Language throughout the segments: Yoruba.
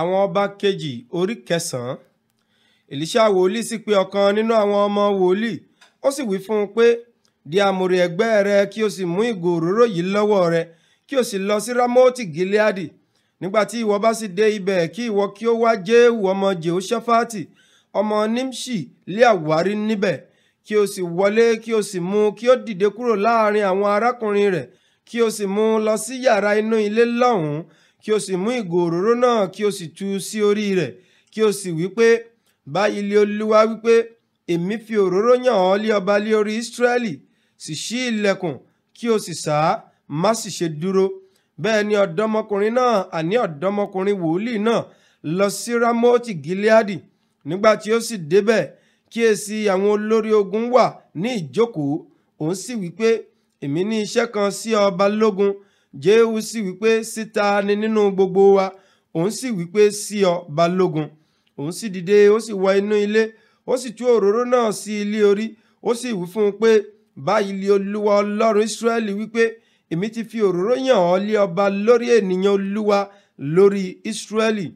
àwọn ọba kejì orí kẹsàn-án èlíṣà wòlíì sì pe ọ̀kan nínú àwọn ọmọ wòlíì ó sì wí fún un pé di àmùrè ẹ̀gbẹ́ rẹ kí o sì mú ìgò òróró yìí lọ́wọ́ rẹ kí o sì lọ sí ramoti gileadi nígbàtí ìwọ bá sì dé ibẹ̀ kí ìwọ kí ó wá jéhu ọmọ jehoshaphat ọmọ nimshi lé àwárí kí o sì wọlé kí o sì mú kí ó dìde kúrò láàrin àwọn arákùnrin rẹ̀ kí o sì mú lọ sí yàrá inú ilé lọ́hùn-ún kí o sì mú ìgò òróró náà kí o sì tu sí orí rẹ̀ kí o sì wí pé báyìí lé olúwa wípé èmi fi òróró yàn ọ́ lé ọba lé orí ísírẹ́lì sì ṣí ilẹ̀kùn kí o sì sá má sì ṣe dúró bẹ́ẹ̀ ni ọ̀dọ́mọkùnrin náà àní ọ̀dọ́mọkùnrin wòlíì náà lọ sí ramoti gileadi nígbà tí ó sì débẹ̀ kíyèsí àwọn olórí ogun wà ní ìjókòó òun sì wípé èmi ní iṣẹ́ kan sí ọba lógun jehu sì wípé sí ta ni nínú gbogbo wa òun sì wípé sí ọ balógun òun sì dìde ó sì wọ inú ilé ó sì tú òróró náà sí ilé orí ó sì wí fún un pé báyìí li olúwa ọlọ́run israẹli wípé èmi ti fi òróró yàn ọ́ lé ọba lórí ènìyàn olúwa lórí israẹli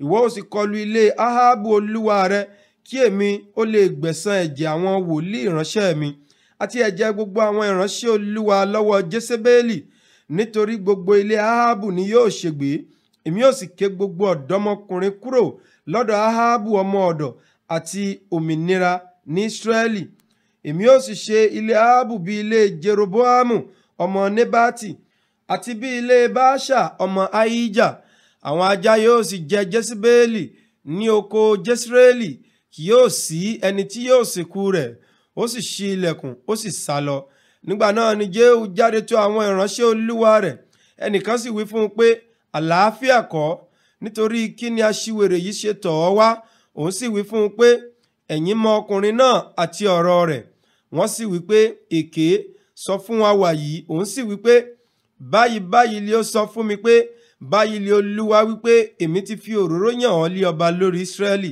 ìwọ ó sì kọlu ilé ahabu olúwa rẹ kí èmi ó lè gbẹ̀san ẹ̀jẹ̀ àwọn wòlíì ìránṣẹ́ mi àti ẹ̀jẹ̀ gbogbo àwọn ìránṣẹ́ olúwa lọ́wọ́ jésébélì nítorí gbogbo ilé ahabu ni yóò ṣègbé èmi yóò sì ké gbogbo ọ̀dọ́mọkùnrin kúrò lọ́dọ̀ ahabu ọmọ ọ̀dọ̀ àti òmìnira ní israẹli èmi yóò sì ṣe ilé ahabu bí ilé jeroboamu ọmọ nebati àti bí ilé baasha ọmọ aija àwọn ajá yóò sì jẹ jésíbéèlì ní oko jésírẹ́lì kì yóò sí ẹni tí yóò sìnkú rẹ̀ ó sì ṣí ilẹ̀kùn ó sì sá lọ nígbà náà ni Jéhù jáde tọ̀ àwọn ìránṣẹ́ olúwa rẹ̀ ẹnìkan sì wí fún un pé àlàáfíà kọ́ nítorí kí ni aṣiwèrè yìí ṣe tọ̀ ọ́ wá òun sì wí fún un pé ẹ̀yin mọ ọkùnrin náà àti ọ̀rọ̀ rẹ̀ wọ́n sì wí pé èké sọ fún wa wàyí òun sì wí pé báyìí báyìí lé ó sọ fún mi pé báyìí lé olúwa wí pé èmi ti fi òróró yàn ọ́ lé ọba lórí Ísírẹ́lì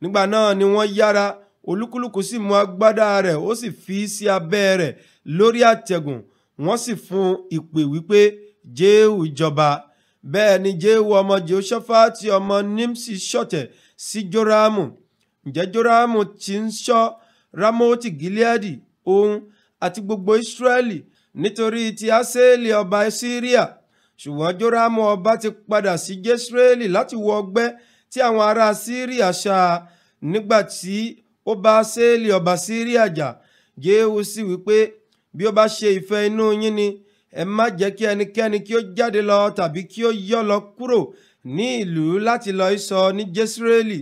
nígbà náà ni wọ́n yára olúkúlùkù sì mú agbádá rẹ̀ ó sì fi sí abẹ́ rẹ̀ lórí àtẹ̀gùn wọ́n sì fún ìpè wípé jéhù jọba bẹ́ẹ̀ ni jéhù ọmọ jehoshaphat ọmọ nimsi ṣọ̀tẹ̀ sí jóráàmù ǹjẹ́ jóráàmù ti ń ṣọ́ ramoti gileadi òun àti gbogbo israẹli nítorí ti aséèlì ọba síríà ṣùgbọ́n jóráàmù ọba ti padà sí jésírẹ́lì láti wọ ọgbẹ́ tí àwọn ará síríà ṣá nígbà tí ó bá séèlì ọba síríà jà jéhu sì wípé bí ó bá ṣe ìfẹ́ inú yín ni ẹ má jẹ́ kí ẹnikẹ́ni kí ó jáde lọ tàbí kí ó yọ́ lọ kúrò ní ìlú láti lọ ìsọ ní jésírẹ́lì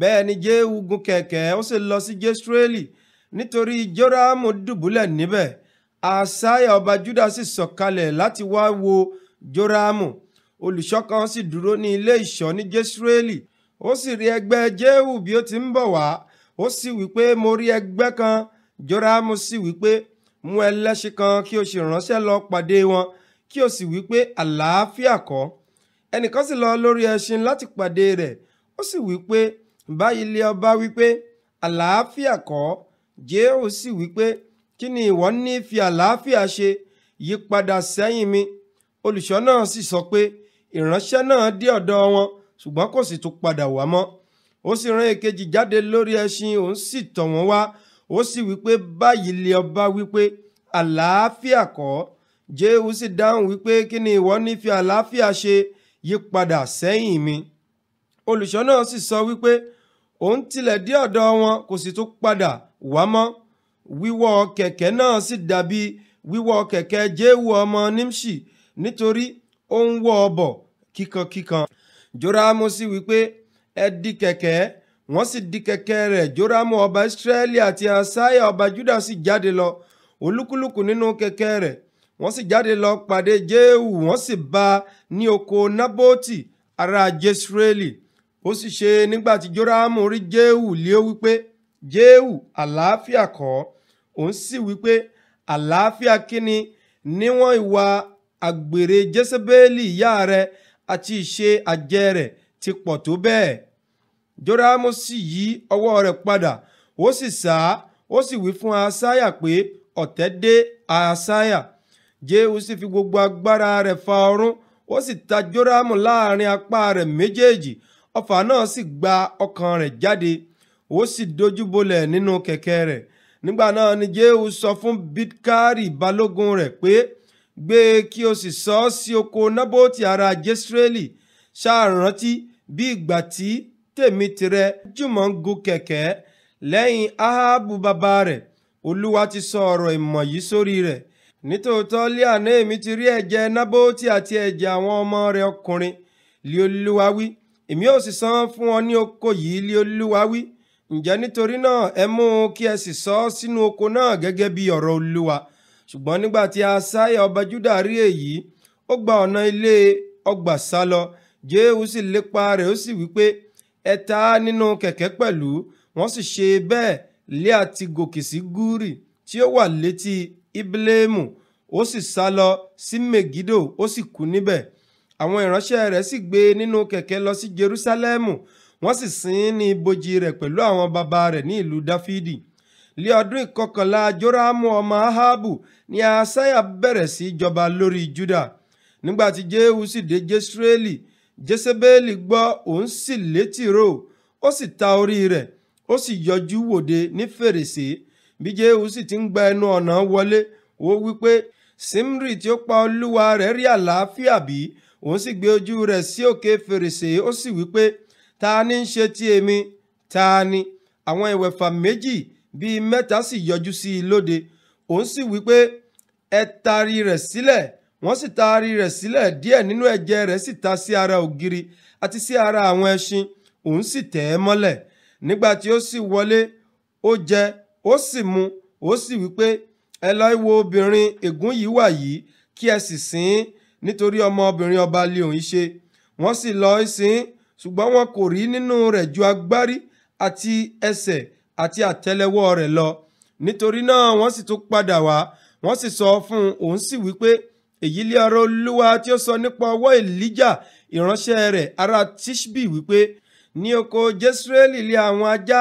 bẹ́ẹ̀ ni jéhu gun kẹ̀kẹ́ ó sì lọ sí jésírẹ́lì nítorí jóráàmù dùbúlẹ̀ níbẹ̀ àsáyà ọba júdà sì sọ̀kalẹ̀ láti wá wo jóráàmù olùṣọ́ kan sì dúró ní ilé ìṣọ́ ní jésírẹ́lì ó sì rí ẹgbẹ́ jéhu bí ó ti ń bọ̀ wá ó sì wípé mo rí ẹgbẹ́ kan Jóráámù sì wípé mú ẹlẹ́ṣin kan kí o sì ránṣẹ́ lọ pàdé wọn kí o sì wípé àlàáfíà kọ́ ẹnìkan sì lọ lórí ẹṣin láti pàdé rẹ̀ ó sì wípé báyìí lé ọba wípé àlàáfíà kọ́ jéhù sì wípé kí ni ìwọ ní fi àlàáfíà ṣe yí sẹ́yìn mi olùṣọ́ náà sì sọ pé ìránṣẹ́ náà dé ọ̀dọ̀ wọn ṣùgbọ́n kò sì tún padà wá mọ́ ó sì rán èkejì jáde lórí ẹṣin òun sì tọ̀ wọ́n wá ó sì wípé báyìí lé ọba wípé àlàáfíà kọ́ Jehu sì dáhùn wípé kí ni ìwọ ní fi àlàáfíà ṣe yí padà sẹ́yìn mi olùṣọ́ náà sì sọ wípé òun tilẹ̀ dé ọ̀dọ̀ wọn kò sì tún padà wá mọ́ wíwọ́ kẹ̀kẹ́ náà sì dàbí wíwọ́ kẹ̀kẹ́ Jehu ọmọ Nimṣi nítorí ó ń wọ́ ọ bọ̀ kíkankíkan Joramu sì wípé ẹ di kẹ̀kẹ́ wọ́n sì di kẹ̀kẹ́ rẹ̀ jórámù ọba Ísírẹ́lì àti àsáyà ọba Júdà sì jáde lọ olúkúlùkù nínú kẹ̀kẹ́ rẹ̀ wọ́n sì jáde lọ pàdé Jéhù wọ́n sì bá a ní oko Nábótì ará Jesreeli ó sì ṣe nígbà tí jórámù rí Jéhù lé ó wípé Jéhù àlàáfíà kọ́ òun sì wípé àlàáfíà kíni níwọ̀n ìwà àgbèrè Jésébélì ìyá rẹ̀ àti ìṣe àjẹ́ rẹ̀ ti pọ̀ tó bẹ́ẹ̀ jórámù sì yí ọwọ́ rẹ̀ padà ó sì sá ó sì wí fún asáyà pé ọ̀tẹ̀ dé asáyà jehu sì fi gbogbo agbára rẹ̀ fa ọrun ó sì ta jórámù láàrin apá rẹ̀ méjèèjì ọfà náà sì gba ọkàn rẹ̀ jáde ó sì dojúbolẹ̀ nínú kẹ̀kẹ́ rẹ̀ nígbà náà ni jehu sọ fún bidkari balógun rẹ̀ pé gbé e kí o sì sọ ọ́ sí oko nábòtì ara jesreeli ṣáà rántí bí ìgbà tí tèmi tirẹ̀ jùmọ̀ ń gun kẹ̀kẹ́ lẹ́yìn ahabu bàbá rẹ̀ olúwa ti sọ ọ̀rọ̀ ìmọ̀ yìí sórí rẹ̀ nítòótọ́ lẹ́yìn àná èmi ti rí ẹ̀jẹ̀ nábótì àti ẹ̀jẹ̀ àwọn ọmọ rẹ̀ ọkùnrin lé olúwa wí èmi ò sì san fún ọ ní oko yìí lé olúwa wí ǹjẹ́ nítorí náà ẹ mú kí ẹ sì sọ sínú oko náà gẹ́gẹ́ bí ọ̀rọ̀ olúwa ṣùgbọ́n ẹ̀ta nínú kẹ̀kẹ́ pẹ̀lú wọ́n sì ṣe bẹ́ẹ̀ Léà ti gòkè sí gúrì tí ó wà létí Ibleamu ó sì sá lọ sí Megido ó sì kú níbẹ̀ àwọn ìránṣẹ́ rẹ̀ sì gbé nínú kẹ̀kẹ́ lọ sí Jerúsálẹ́mù wọ́n sì sin ní ibojì rẹ̀ pẹ̀lú àwọn baba rẹ̀ ní ìlú Dáfídì lé ọdún ìkọkànlá Jórámù ọmọ Ahabu ni Asaiah bẹ̀rẹ̀ sí jọba lórí Júdà nígbà tí Jéhù sì dé Jésírẹ́lì jesebeli gbọ́ òun sì létírò ó sì ta orí rẹ̀ ó sì yọjú wòde ní fèrèsé bí jehu sì ti ń gba ẹnu ọ̀nà wọlé ó wípé simri tí ó pa olúwa rẹ̀ rí àlàáfíà bí òun sì gbé ojú rẹ̀ sí òkè fèrèsé ó sì wípé ta ni ń ṣe ti èmi ta ni àwọn ìwẹ̀fà méjì bíi mẹ́ta sì yọjú sí i lóde òun sì wípé ẹ taari rẹ̀ sílẹ̀ si wọ́n sì taari rẹ̀ sílẹ̀ díẹ̀ nínú ẹ̀jẹ̀ rẹ̀ sì ta sí ara ògiri àti sí ara àwọn ẹṣin òun sì tẹ̀ ẹ́ mọ́lẹ̀ nígbà tí ó sì wọlé ó jẹ ó sì mu ó sì wípé ẹ lọ wo obìnrin ègún yìí wà yìí kí ẹ sì sìn ín nítorí ọmọ obìnrin ọba lé òun ṣe wọ́n sì lọ sìn ín ṣùgbọ́n wọn kò rí nínú rẹ̀ ju agbárí àti ẹsẹ̀ àti àtẹ́lẹwọ́ rẹ̀ lọ nítorí náà wọ́n sì tún padà wá wọ́n sì sọ fún òun sì wípé èyí lé ọ̀rọ̀ olúwa tí ó sọ nípa ọwọ́ èlíjà ìránṣẹ́ rẹ̀ ará tishbi wípé ní oko jésírẹ́lì ilé àwọn ajá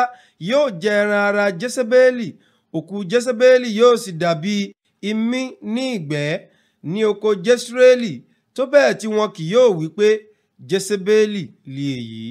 yóò jẹ ẹran ara jésébélì òkú jésébélì yóò sì dàbí imí ní ìgbẹ́ ní oko jésírẹ́lì tó bẹ́ẹ̀ tí wọn kì yóò wípé jésébélì li èyí.